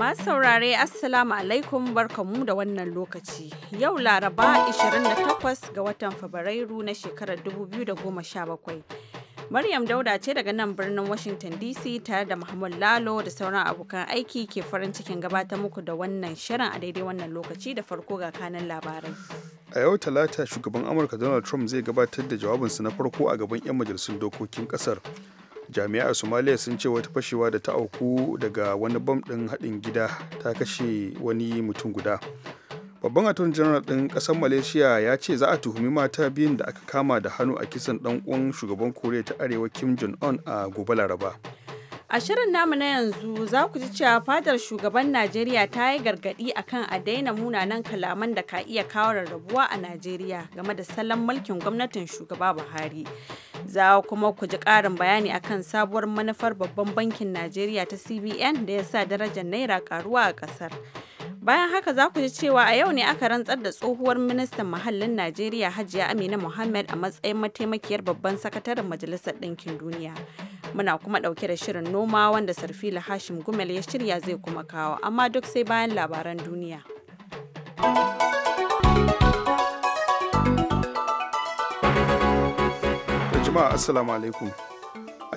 Masu saurare Assalamu alaikum barkamu da wannan lokaci. Yau Laraba 28 ga watan Fabrairu na shekarar 2017. Maryam Dauda ce daga nan birnin Washington DC tare da Muhammad Lalo da sauran abokan aiki ke farin cikin gabatar muku da wannan shirin a daidai wannan lokaci da farko ga kanan labarai. A yau Talata shugaban Amurka Donald Trump zai gabatar da jawabinsa na farko a gaban 'yan majalisun dokokin kasar. jami'a a somaliya sun ce wata fashewa da ta auku daga wani bom ɗin haɗin gida ta kashe wani mutum guda babban attorney general ɗin ƙasar malaysia ya ce za a tuhumi mata biyun da aka kama da hannu a kisan ɗan uwan shugaban koriya ta arewa kim jong un a gobe laraba A shirin namu na yanzu za ku ji cewa fadar shugaban Najeriya ta yi gargaɗi akan a daina munanan kalaman da ka iya kawo rarrabuwa a Najeriya game da salon mulkin gwamnatin shugaba Buhari. Za kuma ku ji ƙarin bayani akan sabuwar manufar babban bankin Najeriya ta CBN da ya sa darajar Naira karuwa a ƙasar. Bayan haka za ku ji cewa a yau ne aka rantsar da tsohuwar ministan muhallin Najeriya Hajiya Amina muhammed a matsayin mataimakiyar babban sakataren Majalisar Ɗinkin Duniya. Muna kuma ɗauke da shirin noma wanda Sarfila Hashim Gumel ya shirya zai kuma kawo, amma duk sai bayan labaran duniya. Jama'a Assalamu alaikum.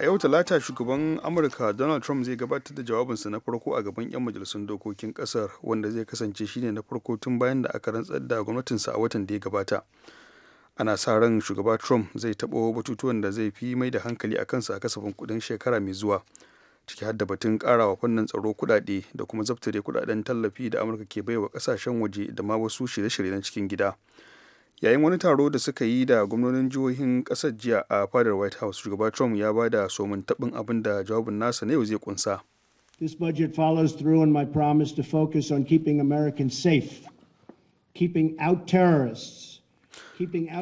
a yau talata shugaban amurka donald trump zai gabatar da jawabinsa na farko a gaban 'yan majalisun dokokin kasar wanda zai kasance shine na farko tun bayan da aka rantsar da gwamnatinsa a watan da ya gabata ana sa ran shugaba trump zai taɓo batutuwan da zai fi mai da hankali a kansa a kasafin kudin shekara mai zuwa ciki har da batun karawa fannin tsaro kudade da kuma zaftare kudaden tallafi da amurka ke baiwa kasashen waje da ma wasu shirye shirye na cikin gida. yayin wani taro da suka yi da gwamnonin jihohin kasar jiya a fadar white house shugaba trump ya ba da somin tabbin abin da jawabin nasa na yau zai kunsa this budget follows through on my promise to focus on keeping americans safe keeping out terrorists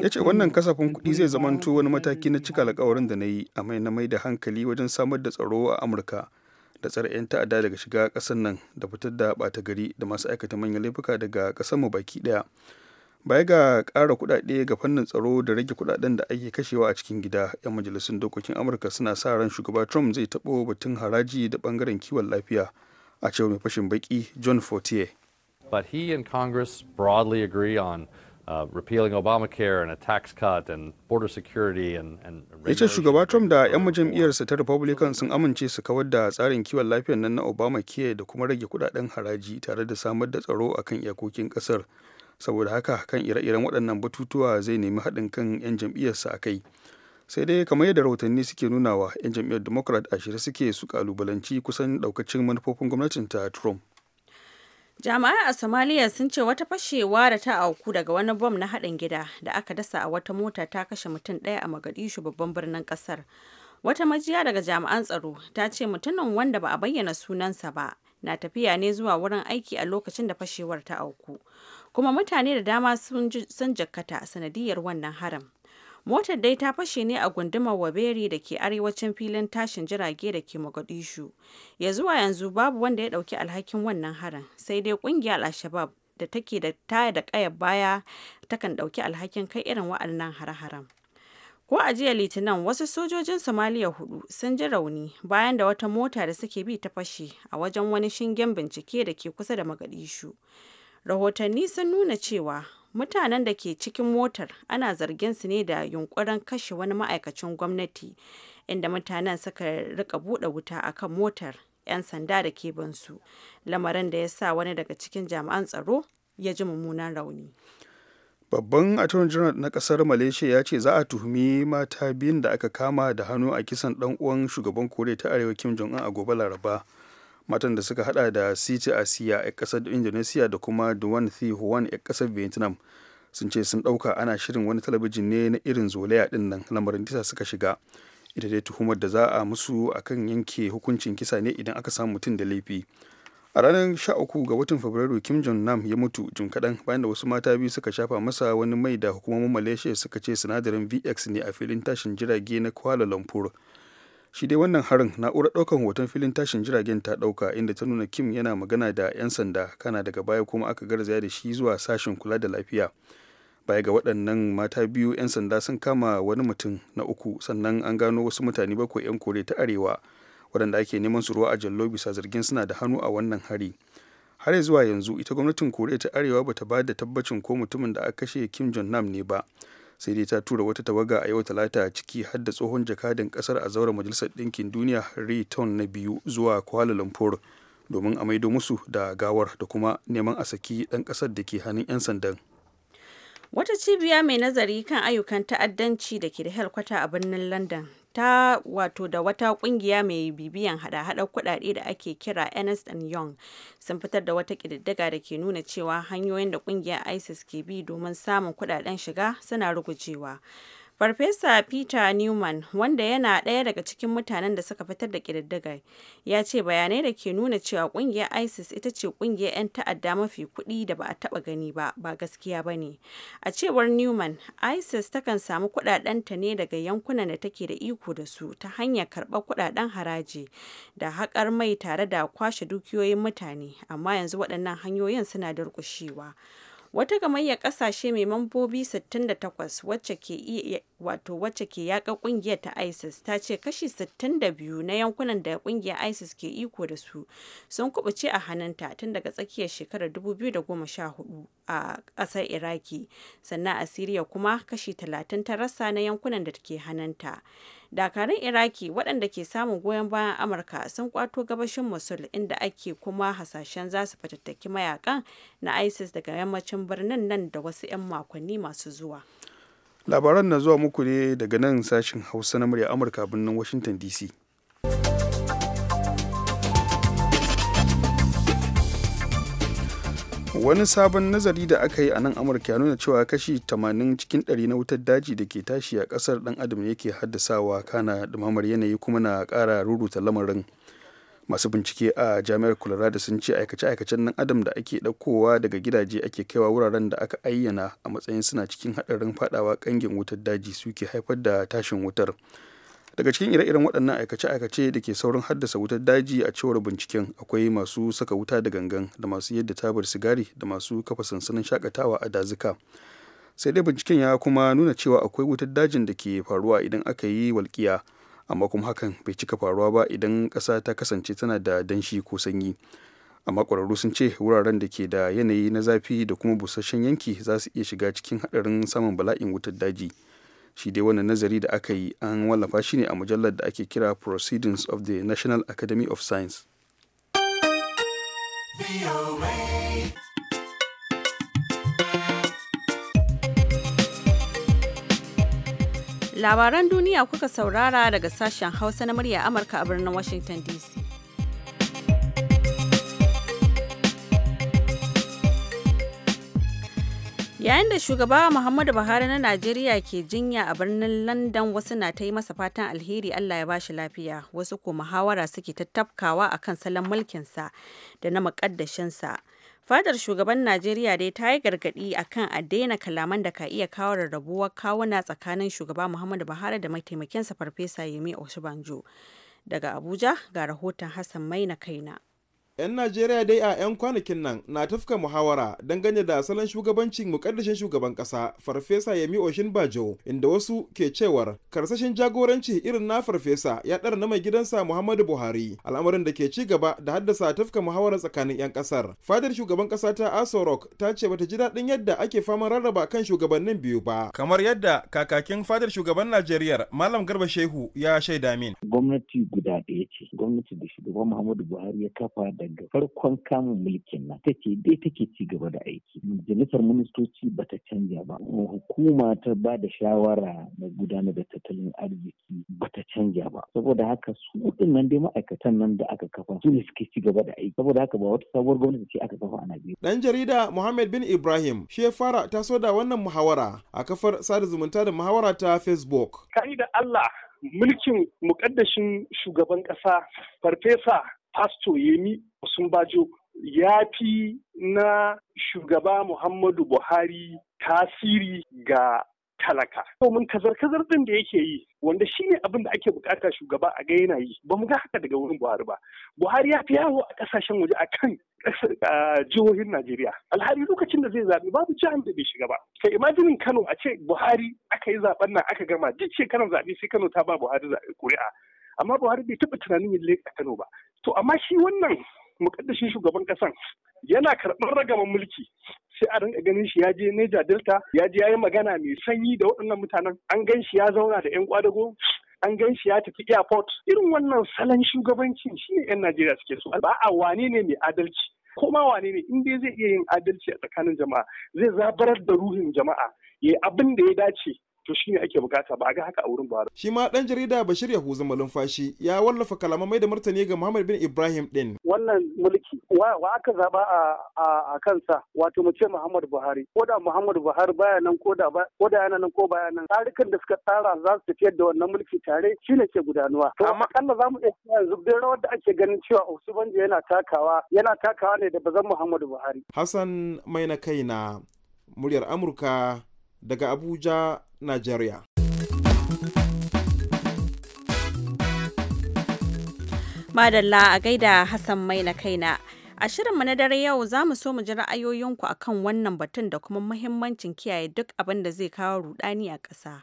ya ce wannan kasafin kuɗi zai zamanto wani mataki na cika alkawarin da na yi a mai na mai da hankali wajen samar da tsaro a amurka da tsare 'yan ta'adda daga shiga ƙasar nan da fitar da ɓata gari da masu aikata manyan laifuka daga ƙasar mu baki ɗaya baya ga kara kuɗaɗe ga fannin tsaro da rage kuɗaɗen da ake kashewa a cikin gida 'yan majalisun dokokin amurka suna sa ran shugaba trump zai taɓo batun haraji da bangaren kiwon lafiya a cewa mai fashin baki john fortier but he and congress broadly agree on Uh, repealing Obamacare and a tax cut and border security and, and yace shugaba Trump da 'yan majam'iyyarsa ta Republican sun amince su kawar da tsarin kiwon lafiyar nan na Obamacare da kuma rage kudaden haraji tare da samar da tsaro akan iyakokin kasar. saboda haka kan ire-iren waɗannan batutuwa zai nemi haɗin kan 'yan jam'iyyarsa a kai sai dai kamar yadda rahotanni suke nunawa 'yan jam'iyyar democrat a shirye suke su kalubalanci kusan ɗaukacin manufofin gwamnatin ta trump jami'ai a somaliya sun ce wata fashewa da ta auku daga wani bom na haɗin gida da aka dasa a wata mota ta kashe mutum ɗaya a magadishu babban birnin ƙasar wata majiya daga jami'an tsaro ta ce mutumin wanda ba a bayyana sunansa ba na tafiya ne zuwa wurin aiki a lokacin da fashewar ta auku kuma mutane da dama sun jakkata a sanadiyar wannan harin. Motar dai ta fashe ne a gundumar Waberi da ke arewacin filin tashin jirage da ke Mogadishu. Ya zuwa yanzu babu wanda ya dauki alhakin wannan harin, sai dai kungiyar alshabab da take da taya da kaya baya ta kan dauki alhakin kai irin wa'annan hare-haren. Ko a jiya Litinin wasu sojojin Somaliya hudu sun ji rauni bayan da wata mota da suke bi ta fashe a wajen wani shingen bincike da ke kusa da Magadishu. rahotanni sun nuna cewa mutanen da ke cikin motar ana zargin su ne da yunkurin kashe wani ma'aikacin gwamnati inda mutanen suka rika buɗe wuta a kan motar 'yan sanda da ke bansu lamarin da ya sa wani daga cikin jami'an tsaro ya ji mummunan rauni babban attorney general na kasar malaysia ya ce za a tuhumi mata biyun da aka kama da hannu a kisan dan uwan shugaban koriya ta arewa kim jong un a gobe laraba matan da suka hada da Siti Asiya a kasar Indonesia da kuma duwan Thi Huan a kasar Vietnam sun ce sun dauka ana shirin wani talabijin ne na irin zolaya din nan lamarin tisa suka shiga ita dai tuhumar da za a musu akan yanke hukuncin kisa ne idan aka samu mutum da laifi a ranar 13 ga watan fabrairu kim jong nam ya mutu jim kadan bayan da wasu mata biyu suka shafa masa wani mai da hukumomin malaysia suka ce sinadarin vx ne a filin tashin jirage na kuala lumpur shi dai wannan harin na'urar ɗaukar hoton filin tashin jiragen ta ɗauka inda ta nuna kim yana magana da 'yan sanda kana daga baya kuma aka garzaya da shi zuwa sashen kula da lafiya baya ga waɗannan mata biyu 'yan sanda sun kama wani mutum na uku sannan an gano wasu mutane bakwai 'yan kore ta arewa waɗanda ake neman su ruwa a jallo bisa zargin suna da hannu a wannan hari har zuwa yanzu ita gwamnatin koriya ta arewa bata ba da tabbacin ko mutumin da aka kashe kim jong nam ne ba sai dai ta tura wata tawaga a yau talata ciki har da tsohon jakadin kasar a zauren majalisar ɗinkin duniya ton na biyu zuwa kuala lumpur domin a maido musu da gawar da kuma neman a saki ɗan ƙasar da ke hannun 'yan sandan wata cibiya mai nazari kan ayyukan ta'addanci da ke da helkwata a birnin london ta wato da wata kungiya mai bibiyan hada hada kuɗaɗe da ake kira Ernest and Young sun fitar da wata kididdiga da ke nuna cewa hanyoyin da kungiyar ISIS ke bi domin samun kuɗaɗen shiga suna rugujewa. Farfesa Peter Newman, wanda yana ɗaya daga cikin mutanen da suka fitar da ƙididdigar, ya ce bayanai da ke nuna cewa ƙungiyar ISIS ita ce ƙungiyar 'yan ta'adda mafi kuɗi da ba a taɓa gani ba, ba gaskiya ba ne. A cewar Newman, ISIS takan samu kuɗaɗenta ne daga yankunan da take da iko da su ta hanyar karɓar kuɗaɗen haraji da haƙar mai tare da kwashe dukiyoyin mutane, amma yanzu waɗannan hanyoyin suna durƙushewa. wata gamayyar kasashe mai mambobi 68 wacce ke wato wacce ke yaƙa ƙungiyar ta ISIS ta ce kashi 62 na yankunan da ƙungiyar ISIS ke iko da su sun kubuce a hannunta tun daga tsakiyar shekarar 2014 a ƙasar Iraki sannan a Siriya kuma kashi 30 ta rasa na yankunan da ke hannunta. dakarun iraki waɗanda ke samun goyon bayan amurka sun kwato gabashin mosul inda ake kuma hasashen za su fatattaki mayakan na isis daga yammacin birnin nan da wasu 'yan makonni masu zuwa labaran na zuwa muku ne daga nan sashen hausa na murya amurka birnin washington dc wani sabon nazari da aka yi a nan amurka ya nuna cewa kashi 80 cikin 100 na wutar daji da ke tashi a kasar dan adam yake haddasawa kana dumamar yanayi kuma na kara ruruta lamarin masu bincike a jami'ar colorado sun ce aikace-aikacen nan adam da ake ɗaukowa daga gidaje ake kaiwa wuraren da aka ayyana a matsayin suna cikin haɗarin fadawa ƙangin wutar daji suke haifar da tashin wutar. daga cikin ire-iren waɗannan aikace-aikace da ke saurin haddasa wutar daji a cewar binciken akwai masu saka wuta da gangan da masu yadda tabar sigari da masu kafa sansanin shakatawa a dazuka sai dai binciken ya kuma nuna cewa akwai wutar dajin da ke faruwa idan aka yi walƙiya amma kuma hakan bai cika faruwa ba idan ƙasa ta kasance tana da danshi ko sanyi amma ƙwararru sun ce wuraren da ke da yanayi na zafi da kuma busasshen yanki za su iya shiga cikin haɗarin samun bala'in wutar daji. shi dai wannan nazari da aka yi an wallafa shi ne a mujallar da ake kira proceedings of the national academy of science labaran duniya kuka saurara daga sashen hausa na murya amurka a birnin washington dc yayin da shugaba muhammadu buhari na najeriya ke jinya a birnin london wasu na ta yi masa fatan alheri allah ya bashi lafiya wasu ko muhawara suke tattafkawa a kan salon mulkinsa da na muƙaddashinsa fadar shugaban najeriya dai ta yi gargaɗi a kan a daina kalaman da ka iya kawo rarrabuwar kawuna tsakanin shugaba muhammadu buhari da mataimakinsa farfesa yemi osibanjo daga abuja ga rahoton hassan maina kaina 'yan najeriya dai a 'yan kwanakin nan na tafka muhawara dangane da salon shugabancin mukaddashin shugaban kasa farfesa yami oshin bajo inda wasu ke cewar karsashin jagoranci irin na farfesa ya ɗara na mai gidansa muhammadu buhari al'amarin da ke ci gaba da haddasa tafka muhawara tsakanin 'yan kasar fadar shugaban kasa ta aso rock ta ce bata ji daɗin yadda ake faman rarraba kan shugabannin biyu ba kamar yadda kakakin fadar shugaban najeriya malam garba shehu ya shaida min gwamnati guda ɗaya ce gwamnati da shugaban muhammadu buhari ya kafa da daga farkon kamun mulkin nan ce dai take ci gaba da aiki majalisar ministoci ba ta canja ba hukuma ta ba da shawara na gudanar da tattalin arziki ba ta canja ba saboda haka su nan dai ma'aikatan nan da aka kafa su ne suke ci gaba da aiki saboda haka ba wata sabuwar gwamnati ce aka kafa a Najeriya dan jarida Muhammad bin Ibrahim shi ya fara taso da wannan muhawara a kafar sada zumunta da muhawara ta Facebook kai da Allah mulkin mukaddashin shugaban ƙasa farfesa Fasto Yemi Osunbajo ya fi na shugaba Muhammadu Buhari tasiri ga talaka. mun kazar-kazar din da yake yi wanda shi ne abin da ake bukata shugaba a ga yana yi ba mu ga haka daga wurin Buhari ba. Buhari ya fi yawo a kasashen waje a kan jihohin Najeriya. Alhari lokacin da zai zaɓi babu jihar da bai shiga ba. Ka imajinin Kano a ce Buhari aka yi zaɓen nan aka gama duk shekarar zaɓe sai Kano ta ba Buhari kuri'a. Amma Buhari bai taɓa tunanin yin a Kano ba. to amma shi wannan mukaddashin shugaban kasan yana karɓar ragaman mulki sai a rinka ganin shi ya je Neja Delta ya je yayi magana mai sanyi da waɗannan mutanen an gan shi ya zauna da ƴan kwadago an gan shi ya tafi airport irin wannan salon shugabancin shi ne 'yan Najeriya suke so ba a wane ne mai adalci ko ma wane ne in dai zai iya yin adalci a tsakanin jama'a zai zabarar da ruhin jama'a ya abin da ya dace to shine ake bukata ba a ga haka a wurin Buhari. Shi ma dan jarida Bashir Yahuza Malumfashi ya wallafa kalaman mai da martani ga Muhammad bin Ibrahim din. Wannan mulki wa, aka zaba a, a, kansa wato mu ce Muhammad Buhari ko da Muhammad Buhari baya nan ko da ko da yana nan ko baya nan tarikan da suka tsara za su tafiyar da wannan mulki tare shine ke gudanuwa. To amma kalla zamu iya yanzu da rawar da ake ganin cewa Usman yana takawa yana takawa ne da bazan Muhammad Buhari. Hassan mai na kaina muryar Amurka daga Abuja, Najeriya. Madalla a gaida Hassan mai na kaina. A shirinmu na dare yau za mu so mu ji ra'ayoyinku a kan wannan batun da kuma muhimmancin kiyaye duk abin da zai kawo rudani a ƙasa.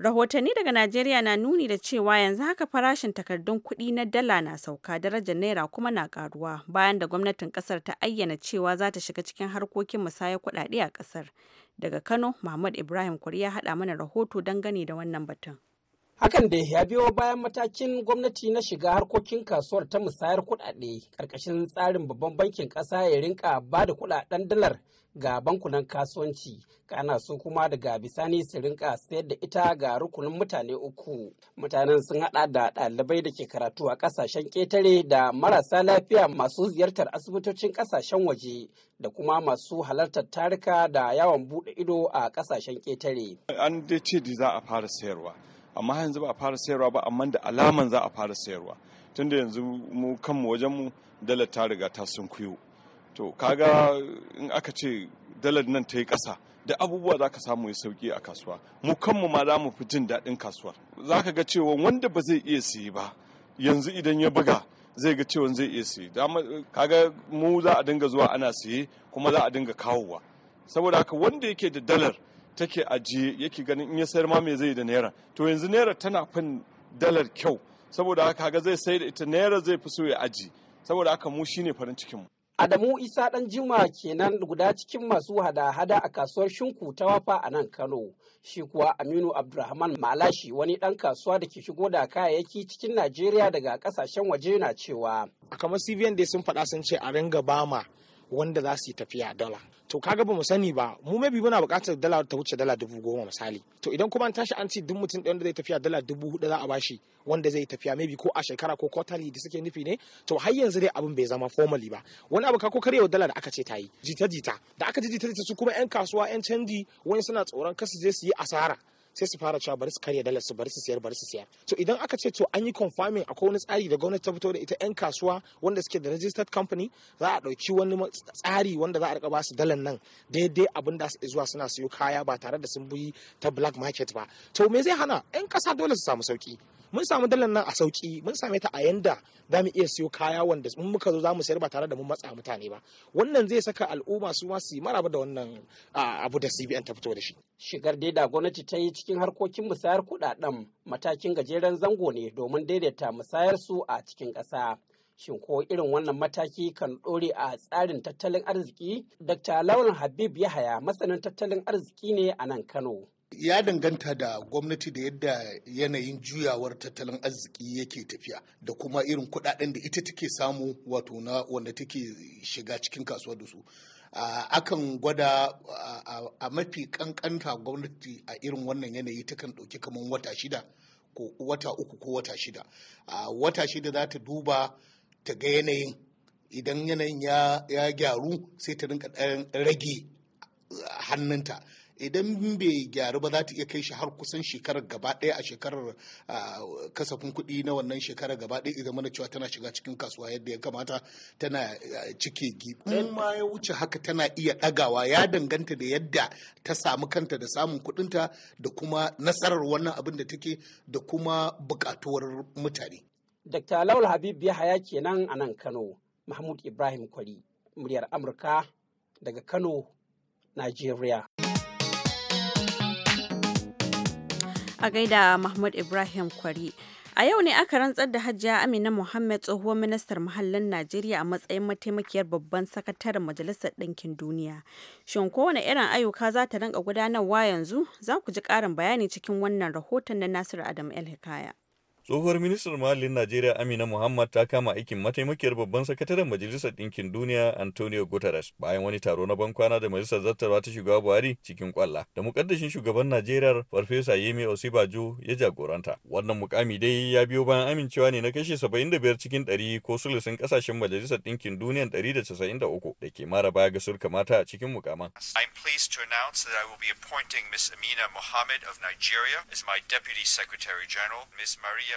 Rahotanni daga Najeriya na nuni da cewa yanzu haka farashin takardun kuɗi na dala na sauka darajar naira kuma na ƙaruwa bayan da gwamnatin ƙasar ta ayyana cewa za ta shiga cikin harkokin musaya kuɗaɗe a ƙasar Daga Kano, Muhammad Ibrahim kuri ya haɗa mana rahoto dangane da wannan batun. Hakan da ya biyo bayan matakin gwamnati na shiga harkokin kasuwar ta musayar kudade karkashin tsarin babban bankin kasa ya rinka ba da kuɗaɗen dalar ga bankunan kasuwanci kana su kuma daga bisani su rinka sayar da ita ga rukunin mutane uku mutanen sun hada da dalibai da ke karatu a kasashen ketare da marasa lafiya masu ziyartar asibitocin kasashen waje da kuma masu halartar tarika da yawon bude ido a kasashen ketare. an dace da za a fara sayarwa amma yanzu ba a fara sayarwa ba amma da alaman za a fara sayarwa tunda yanzu mu kanmu wajen mu dalar ta riga ta sun kuyo to kaga in aka ce dalar nan ta yi ƙasa da abubuwa za ka samu ya sauki a kasuwa mu kanmu ma za mu fi jin daɗin kasuwar za ka ga cewa wanda ba zai iya siye ba yanzu idan ya buga zai ga cewa zai iya siye kaga mu za a dinga zuwa ana siye kuma za a dinga kawowa saboda haka wanda yake da dalar take ajiye yake ganin in ya sayar ma me zai da naira to yanzu naira tana fin dalar kyau saboda haka ga zai sayar da ita naira zai fi so ya aji saboda haka mu shine farin cikin mu Adamu Isa ɗan Juma kenan guda cikin masu hada-hada a kasuwar Shinku ta Wafa a nan Kano. Shi kuwa Aminu Abdurrahman Malashi wani dan kasuwa da ke shigo da kayayyaki cikin Najeriya daga kasashen waje na cewa. Kamar cvn dai sun faɗa sun ce a ringa bama wanda za su yi tafiya dala to kaga ba mu sani ba mu maybe muna bukatar dala ta wuce dala dubu goma misali to idan kuma an tashi an ce duk mutum ɗaya wanda zai tafiya dala dubu hudu za a bashi wanda zai tafiya mai ko a shekara ko kwatali da suke nufi ne to har yanzu dai abin bai zama formally ba wani abu ka ko karyewa dala da aka ce ta yi jita jita da aka ji jita jita su kuma yan kasuwa yan canji wani suna tsoron kasu je su yi asara sai su fara cewa bari su karya dalar su bari su siyar bari su siyar to idan aka ce to an yi confirming akwai wani tsari da gwamnati ta fito da ita yan kasuwa wanda suke da registered company za a ɗauki wani tsari wanda za a rika basu dalar nan daidai abin da su zuwa suna siyo kaya ba tare da sun bi ta black market ba to me zai hana yan kasa dole su samu sauki mun samu dalar nan a sauki mun same ta a yanda za mu iya siyo kaya wanda mun muka zo za mu sayar ba tare da mun matsa mutane ba wannan zai saka al'umma su ma su yi maraba da wannan abu da CBN ta fito da shi shigar da gwamnati ta yi cikin harkokin musayar kuɗaɗen matakin gajeren zango ne domin daidaita musayar su a cikin ƙasa shin ko irin wannan mataki kan ɗore a tsarin tattalin arziki dr lawan habib yahaya masanin tattalin arziki ne a nan kano ya danganta da gwamnati da yadda yanayin juyawar tattalin arziki yake tafiya da kuma irin kudaden da ita take samu wato na wanda take shiga cikin kasuwa da su akan gwada a mafi kankanta gwamnati a irin wannan yanayi takan ɗauki kamar wata shida ko wata uku ko wata shida wata shida za ta duba ta ga yanayin idan yanayin ya gyaru sai ta rinka rage hannunta idan bai gyaru ba za ta iya kai shi har kusan shekarar gaba ɗaya a shekarar kasafin kuɗi na wannan shekarar gaba ɗaya idan mana cewa tana shiga cikin kasuwa yadda ya kamata tana cike gi in ma ya wuce haka tana iya ɗagawa ya danganta da yadda ta samu kanta da samun kuɗinta da kuma nasarar wannan abin da take da kuma buƙatuwar mutane. Dr. laul Habib Yahaya kenan a nan Kano, Mahmud Ibrahim Kwari, muryar Amurka daga Kano, Najeriya. a gaida Mahmud Ibrahim Kwari. A yau ne aka rantsar da Hajiya Amina muhammed tsohuwar ministar muhallin Najeriya a matsayin mataimakiyar babban sakataren Majalisar Ɗinkin Duniya. Shin kowane irin ayyuka za ta rinka gudanarwa yanzu? Za ku ji ƙarin bayani cikin wannan rahoton na Nasiru Adam El Hikaya. Tsohuwar ministar muhallin Najeriya Amina Muhammad ta kama aikin mataimakiyar babban sakataren Majalisar Ɗinkin Duniya Antonio Guterres bayan wani taro na bankwana da Majalisar Zattarwa ta shugaba Buhari cikin kwalla. Da mukaddashin shugaban Najeriya Farfesa Yemi Osibajo ya jagoranta. Wannan mukami dai ya biyo bayan amincewa ne na kashe 75 cikin 100 ko sulusun kasashen Majalisar Ɗinkin Duniya 193 da ke mara baya ga sulka mata a cikin mukaman. I'm pleased to announce that I will be appointing Miss Amina Mohammed of Nigeria as my Deputy Secretary General. Miss Maria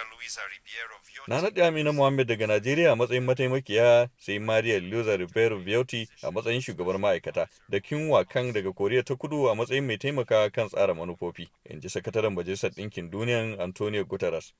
Na naɗi Amina Muhammad daga Najeriya a matsayin mataimakiya sai Maria Luisa Ribeiro Vioti a matsayin shugabar ma'aikata da Kinwa Kang daga Koriya ta Kudu a matsayin mai taimaka kan tsara manufofi, in ji sakataren Majalisar Ɗinkin Duniyan Antonio Guterres.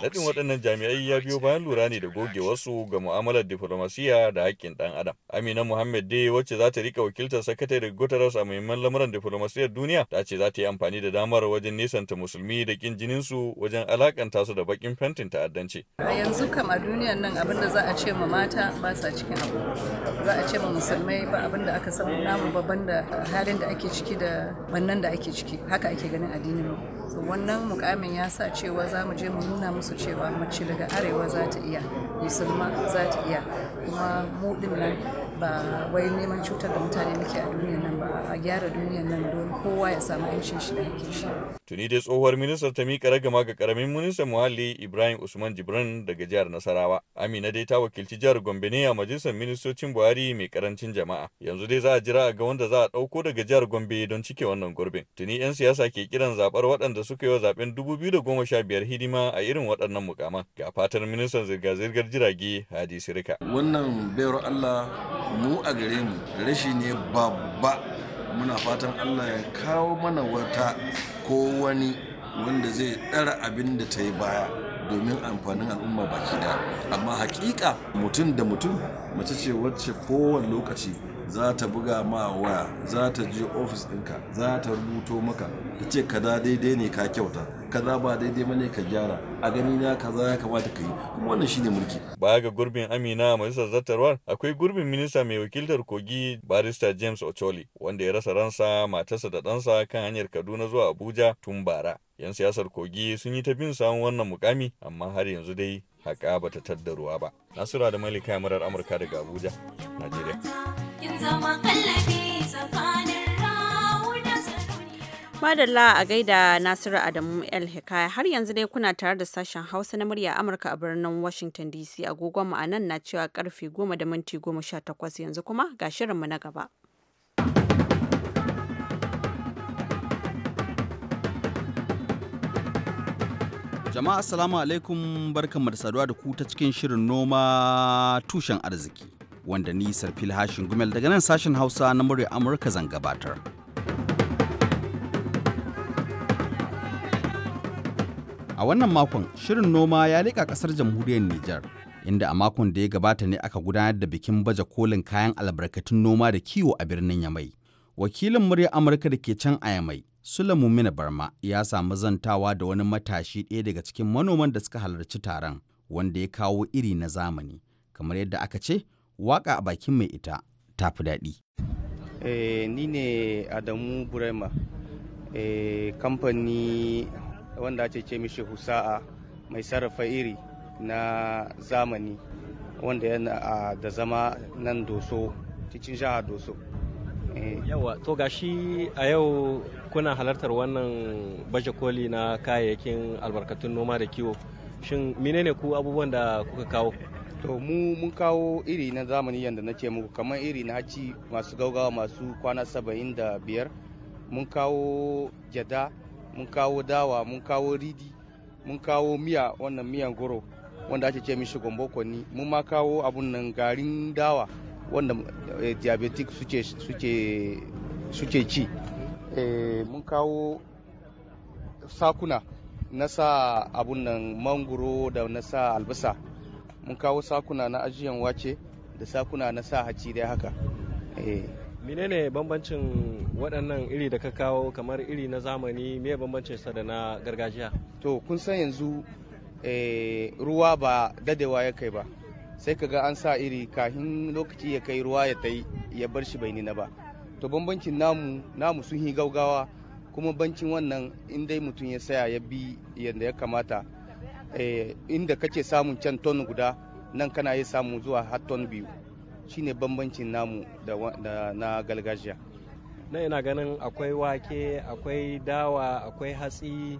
Naɗin waɗannan jami'ai ya biyo bayan lura ne da gogewarsu ga mu'amalar diplomasiya da haƙƙin ɗan adam. Amina Muhammad dai wacce za ta riƙa wakiltar sakataren Guterres a muhimman lamuran diplomasiyar duniya ta ce za ta yi amfani da dama mara wajen nesanta musulmi da kin jininsu wajen alakanta su da bakin fentin ta'addanci. A yanzu kam a duniyan nan abin da za a ce ma mata ba sa cikin abu. Za a ce ma musulmai ba abin da aka samu namu babban da halin da ake ciki da bannan da ake ciki. Haka ake ganin addinin mu. wannan mukamin ya sa cewa za mu je mu nuna musu cewa mace daga arewa za ta iya musulma za ta iya kuma mu din nan ba wai neman cutar da mutane muke a duniyan nan ba a gyara duniyan nan don kowa ya samu yancin shi da shi. Tuni dai tsohuwar ministar ta miƙa ragama ga karamin ministan muhalli Ibrahim Usman Jibran daga jihar Nasarawa. Amina dai ta wakilci jihar Gombe ne a majalisar ministocin Buhari mai karancin jama'a. Yanzu dai za a jira a ga wanda za a ɗauko daga jihar Gombe don cike wannan gurbin. Tuni 'yan siyasa ke kiran zaɓar waɗanda suka yi wa zaɓen 2015 hidima a irin waɗannan mukaman. Ga fatan ministan zirga-zirgar jirage Hadi Sirika. Wannan bayar Allah mu a gare mu rashi ne babba muna fatan allah ya kawo mana wata ko wani wanda zai ɗara abin da ta yi baya domin amfanin al'umma baki da amma hakika mutum da mutum mace ce wacce kowane lokaci za ta buga ma waya za ta je ofis ɗinka za ta rubuto maka ta ce ka daidai ne ka kyauta kaza ba daidai ne ka gyara a gani na kaza ya kamata ka yi kuma wannan shine mulki baya ga gurbin Amina a majalisar zattarwar akwai gurbin minista mai wakiltar Kogi barista James Ocholi wanda ya rasa ransa matarsa da ɗansa kan hanyar Kaduna zuwa Abuja tun bara 'yan siyasar kogi sun yi ta bin samun wannan mukami amma har yanzu dai haka ba ta tadda ba nasura da malika murar amurka daga abuja najeriya Madalla a gaida Nasiru Adamu El Hikaya har yanzu dai kuna tare da sashen Hausa na murya Amurka a birnin Washington DC agogon mu nan na cewa karfe 10 da minti 18 yanzu kuma ga shirinmu na gaba. Jama'a assalamu alaikum barkanmu da saduwa da ku ta cikin shirin noma tushen arziki wanda ni Sarfil Hashin Gumel daga nan sashen Hausa na murya Amurka zan gabatar. A wannan makon shirin noma ya leƙa ƙasar jamhuriyar Nijar, inda a makon da ya gabata ne aka gudanar da bikin baje kolin kayan albarkatun noma da kiwo a birnin Yamai. Wakilin murya Amurka da ke can a Yamai, Sulamu Mina Barma ya samu zantawa da wani matashi ɗaya daga cikin manoman da suka halarci taron, wanda ya kawo iri na zamani. Kamar yadda aka ce, waƙa a bakin mai ita tafi daɗi. Eh, ni ne Adamu Burema, eh, kamfani wanda ake ce mishi husa'a mai sarrafa iri na zamani wanda yana da zama nan doso cikin jihar doso eh. yawa to gashi a yau kuna halartar wannan baje koli na kayayyakin albarkatun noma da kiwo shin menene ku abubuwan da kuka kawo to mu mun kawo iri na zamani yadda na ce muku kamar iri na ci masu gaugawa masu kwana saba'in da biyar mun kawo jada mun kawo dawa mun kawo ridi mun kawo miya wannan miyan goro wanda ake ce mishi ni mun ma kawo abun nan garin dawa wanda eh, diabetic suke suke ci eh, mun kawo sakuna na sa abun nan mangoro da na sa albasa mun kawo sakuna na ajiyan wace da sakuna na sa haci dai haka eh. menene bambancin waɗannan iri da ka kawo kamar iri na zamani me bambancin sa da na gargajiya to kun san yanzu eh, ruwa ba dadewa ya kai ba sai ka ga an sa iri kahin lokaci ya kai ruwa ya tai ya bar shi bai nina ba to bambancin namu namu sun yi gaugawa kuma bancin wannan in dai mutum ya saya ya bi yadda ya kamata eh, inda kace samun can ton guda nan kana yi samu zuwa har ton biyu shine bambancin namu da na galgajiya. na ina ganin akwai wake akwai dawa akwai hatsi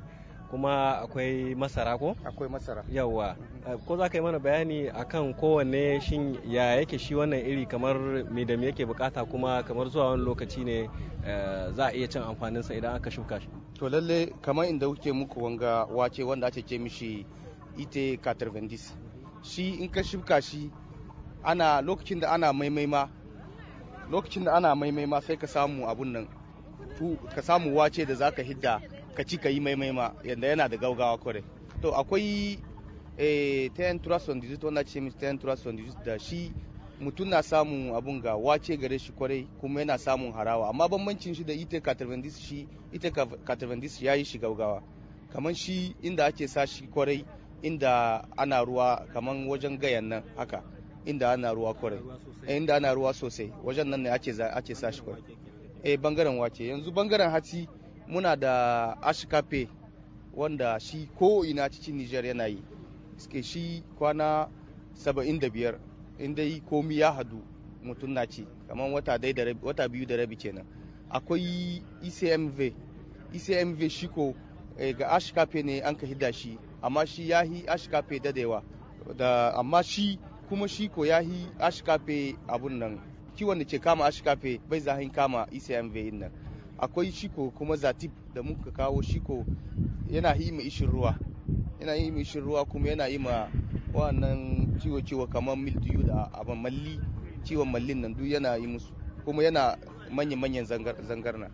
kuma akwai masara ko akwai masara yawa mm-hmm. eh, ko za ka yi mana bayani akan kowanne shin ya yake shi wannan iri kamar me da yake bukata kuma kamar zuwa wani lokaci ne eh, za a iya cin amfaninsa idan aka shuka shi to lalle kamar inda kuke muku wanga wace wanda ake ce mishi ite 90 shi in ka shuka shi ana lokacin da ana maimaima lokacin da ana maimaima sai ka samu abun nan ka samu wace da za ka hidda ka ci ka yi maimaima yadda yana da gaugawa kwarai to akwai eh, ta yan turason digit wanda ce mr ta trust on digit da shi mutum na samun abun ga wace gare shi kwarai kuma yana samun harawa amma bambancin shi da ita katarvendis shi ita katarvendis ya yi shi gaugawa kamar shi inda ake sa shi kwarai inda ana ruwa kamar wajen gayan nan haka inda ana ruwa kwarai eh, inda ana ruwa sosai wajen nan ne ake sa shi kwarai eh bangaren wake yanzu bangaren hatsi muna da ashkafe wanda shi ko ina cikin niger yana yi suke shi kwana 75 inda yi komi ya hadu mutum na ci kamar wata biyu da rabi kenan akwai ECMV ECMV shi ko eh, ga ashkafe ne an ka hida shi amma shi ya yi ashkafe dadewa da amma shi kuma shi ko ya yi kafe abun nan kiwon da ke kama kafe bai zahin kama e vein nan akwai shiko kuma zatip da muka kawo shiko yana yi mai ishin ruwa yana yi mai ishin ruwa kuma yana yi ma wannan ciwo-ciwo kamar mildiyu da abin malli ciwon mallin nan duk yana yi musu kuma yana manyan-manyan na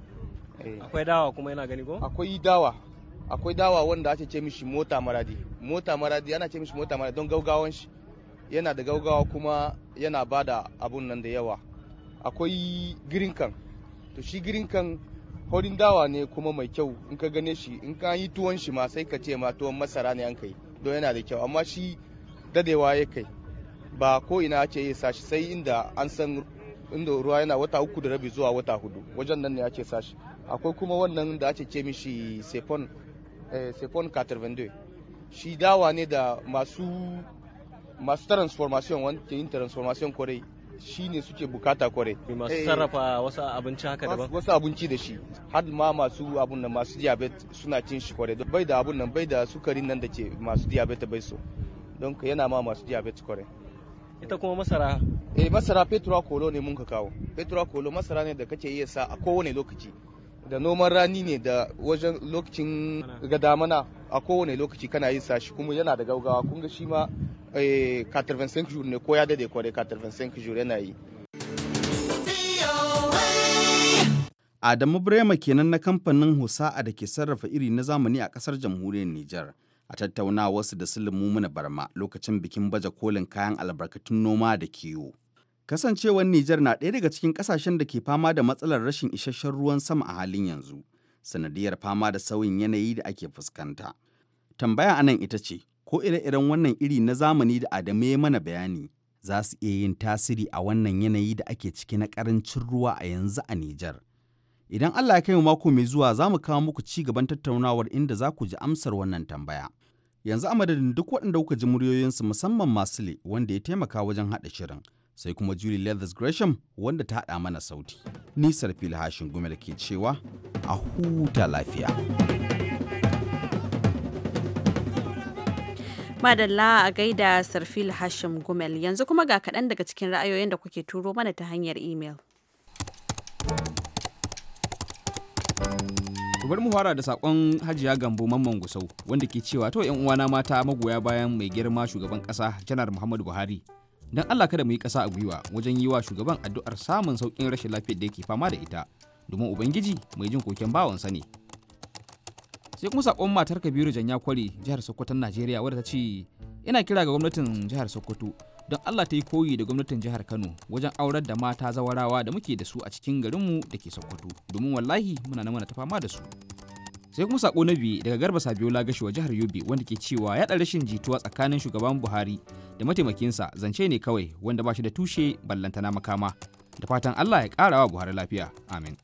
eh. akwai dawa kuma yana gani ko akwai dawa akwai dawa wanda ake ce mishi mota maradi mota maradi ana ce mishi mota maradi don gaugawan shi yana da gaugawa kuma yana ba da abun nan da yawa akwai girinkan to shi girinkan horin dawa ne kuma mai kyau in ka gane shi in ka yi tuwon shi ma sai ka ce ma tuwon masara ne an kai don yana da kyau amma shi dadewa ya kai ba ko ina ce ya sashi sai inda an san inda ruwa yana wata uku da rabi zuwa wata hudu wajen nan ne ake sashi akwai kuma wannan da ake ce mishi sepon eh, sepon shi dawa ne da masu masu transformation wanda yin transformation kwarai shi ne suke bukata kwarai masu eh, sarrafa wasu abinci haka daban wasu abinci da shi har ma masu abun nan masu diabetes suna cin shi kwarai bai da abun nan bai da sukarin nan da ke masu diabetes bai so don ka yana ma masu diabetes kwarai ita kuma masara eh masara petro kolo ne mun ka kawo petro kolo masara ne da kake iya sa a kowane lokaci da noman rani ne da wajen lokacin ga damana a kowane lokaci kana yin sa shi kuma yana da gaugawa kun ga shi ma 85 eh, jours ne ko ya décoré 85 jours yana yi Adamu Brema kenan na kamfanin Husa'a da ke sarrafa iri na zamani a kasar jamhuriyar Nijar. A tattauna wasu da Muna Barma lokacin bikin baje kolin kayan albarkatun noma da kiwo. Kasancewar Nijar na ɗaya daga cikin ƙasashen da ke fama da matsalar rashin isasshen ruwan sama a halin yanzu, sanadiyar fama da sauyin yanayi da ake fuskanta. Tambaya anan ita ce, ko ire-iren wannan iri na zamani da Adamu ya mana bayani za su iya yin tasiri a wannan yanayi da ake ciki na karancin ruwa a yanzu a Nijar. Idan Allah ya kai mu mako mai zuwa za mu kawo muku ci gaban tattaunawar inda za ku ji amsar wannan tambaya. Yanzu a madadin duk waɗanda kuka ji muryoyinsu musamman Masule wanda ya taimaka wajen haɗa shirin. Sai kuma Julie Leathers Gresham wanda ta haɗa mana sauti. Nisar Filhashin Gumel ke cewa a huta lafiya. Madalla a gaida Sarfil Hashim Gumel yanzu kuma ga kaɗan daga cikin ra'ayoyin da kuke turo mana ta hanyar imel. bari mu fara da sakon hajiya gambo mamman gusau wanda ke cewa to yan uwana mata magoya bayan mai girma shugaban kasa janar muhammadu buhari don allah kada mu yi kasa a gwiwa wajen yi wa shugaban addu'ar samun saukin rashin lafiyar da yake fama da ita domin ubangiji mai jin koken bawansa ne sai kuma sakon matar kabiru janya kwari jihar sokoton najeriya wadda ta ce ina kira ga gwamnatin jihar sokoto don allah ta yi koyi da gwamnatin jihar kano wajen aurar da mata zawarawa da muke da su a cikin garinmu da ke sokoto domin wallahi muna nan muna ta fama da su sai kuma sako na biyu daga garba sabiola wa jihar yobe wanda ke cewa ya yaɗa rashin jituwa tsakanin shugaban buhari da mataimakinsa zance ne kawai wanda ba shi da tushe ballantana makama da fatan allah ya kara wa buhari lafiya amin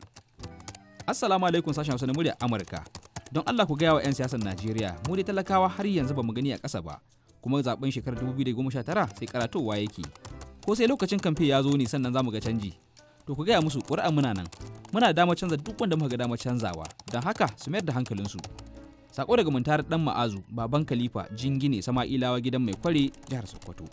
assalamu alaikum sashen hausa na murya amurka don Allah ku gaya wa 'yan siyasar Najeriya mu dai talakawa har yanzu ba mu gani a ƙasa ba kuma zaben shekarar 2019 sai karatowa yake ko sai lokacin kamfe ya zo ne sannan za mu ga canji to ku gaya musu ƙuri'a muna nan muna da dama canza duk wanda muka ga dama canzawa don haka su mayar da hankalinsu sako daga muntar dan ma'azu baban khalifa jingine sama'ilawa gidan mai kware jihar sokoto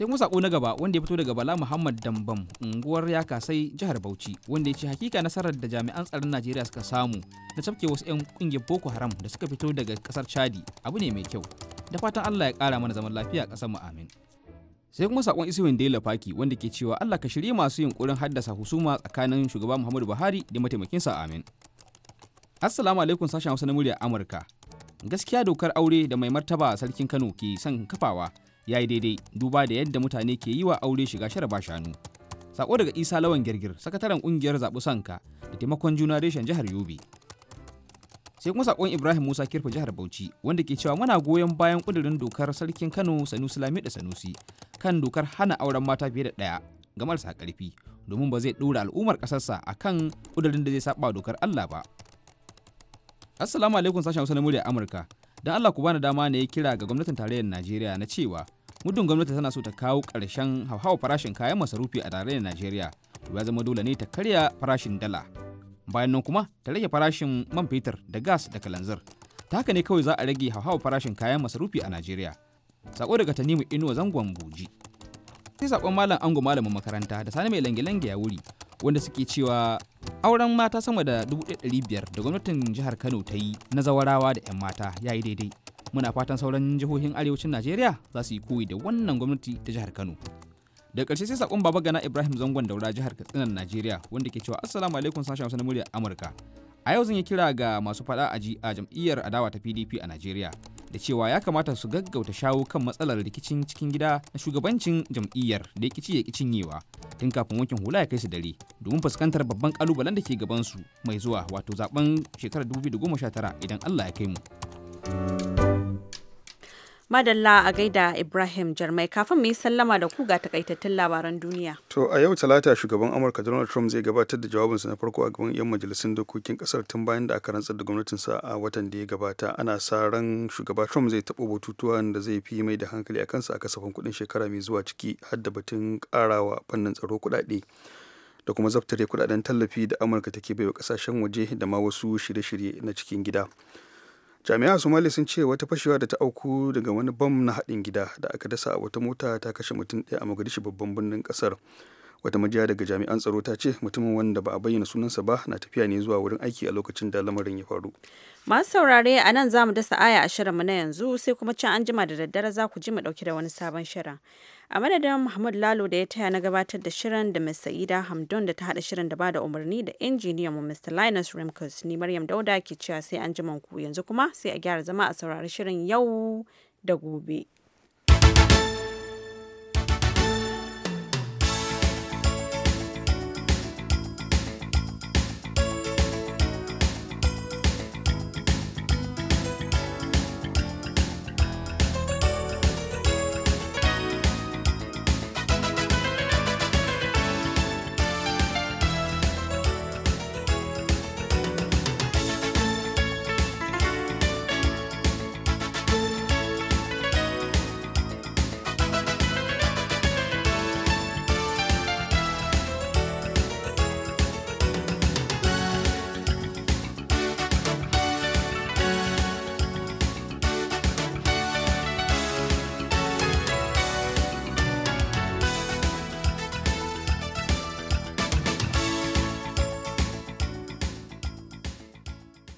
sai kuma sako na gaba wanda ya fito daga bala muhammad dambam unguwar ya sai jihar bauchi wanda ya ce hakika nasarar da jami'an tsaron najeriya suka samu na cafke wasu 'yan kungiyar boko haram da suka fito daga kasar chadi abu ne mai kyau da fatan allah ya kara mana zaman lafiya a kasar mu amin sai kuma sakon isuwin daila faki wanda ke cewa allah ka shirye masu yunkurin haddasa husuma tsakanin shugaba muhammadu buhari da mataimakinsa amin assalamu alaikum sashen hausa na murya amurka gaskiya dokar aure da mai martaba sarkin kano ke son kafawa ya yi daidai duba da yadda mutane ke yi wa aure shiga shara ba shanu sako daga isa lawan girgir sakataren ƙungiyar zaɓi sanka da taimakon juna reshen jihar yobe sai kuma sakon ibrahim musa kirfa jihar bauchi wanda ke cewa muna goyon bayan ƙudurin dokar sarkin kano sanusi lami da sanusi kan dokar hana auren mata fiye da ɗaya ga marasa ƙarfi domin ba zai ɗora al'ummar ƙasarsa a kan ƙudurin da zai saɓa dokar allah ba assalamu alaikum sashen hausa na murya amurka don allah ku bani dama na yi kira ga gwamnatin tarayyar najeriya na cewa muddin gwamnati tana so ta kawo ƙarshen hauhawar farashin kayan masarufi a tarayyar najeriya ya zama dole ne ta karya farashin dala bayan nan kuma ta rage farashin man fetur da gas da kalanzir ta haka ne kawai za a rage hauhawar farashin kayan masarufi a najeriya sako daga tanimu inuwa zangon buji sai sakon malam ango malamin makaranta da sani mai lange langi ya wuri wanda suke cewa auren mata sama da 1,500 da gwamnatin jihar kano ta yi na zawarawa da 'yan mata ya yi daidai muna fatan sauran jihohin arewacin najeriya za su yi koyi da wannan gwamnati ta jihar kano da ƙarshe sai saƙon baba gana ibrahim zangon daura jihar katsinan najeriya wanda ke cewa assalamu alaikum sashen wasu na muryar amurka a yau zan yi kira ga masu faɗa a ji a jam'iyyar adawa ta pdp a najeriya da cewa ya kamata su gaggauta shawo kan matsalar rikicin cikin gida na shugabancin jam'iyyar da ya kici ya cinyewa tun kafin wankin hula ya kai su dare domin fuskantar babban kalubalen da ke gabansu mai zuwa wato zaben shekarar 2019 idan allah ya kai mu. thank you Madalla a gaida Ibrahim Jarmai kafin mu yi sallama da ku ga takaitattun labaran duniya. To a yau talata shugaban Amurka Donald Trump zai gabatar da jawabinsa na farko a gaban 'yan majalisun dokokin kasar tun bayan da aka rantsar da gwamnatinsa a watan da ya gabata. Ana sa ran shugaba Trump zai taɓo batutuwan da zai fi mai da hankali a kansa a kasafin kuɗin shekara mai zuwa ciki har da batun ƙarawa fannin tsaro kuɗaɗe. da kuma zaftare kudaden tallafi da amurka take baiwa kasashen waje da ma wasu shirye-shirye na cikin gida. jami'a somali sun ce wata fashewa da ta auku daga wani bam na haɗin gida da aka dasa a wata mota ta kashe mutum ɗaya a mogadishu babban birnin ƙasar wata majiya daga jami'an tsaro ta ce mutumin wanda ba a bayyana sunansa ba na tafiya ne zuwa wurin aiki a lokacin da lamarin ya faru masu saurare a nan za mu dasa aya a shirinmu na yanzu sai kuma can an jima da daddare za ku ji mu dauki da wani sabon shirin a madadin muhammad lalo da ya taya na gabatar da shirin da mr sa'ida hamdon da ta hada shirin da bada umarni da injiniyan mu mr linus rimkus ni maryam dauda ke cewa sai an jima ku yanzu kuma sai a gyara zama a saurari shirin yau da gobe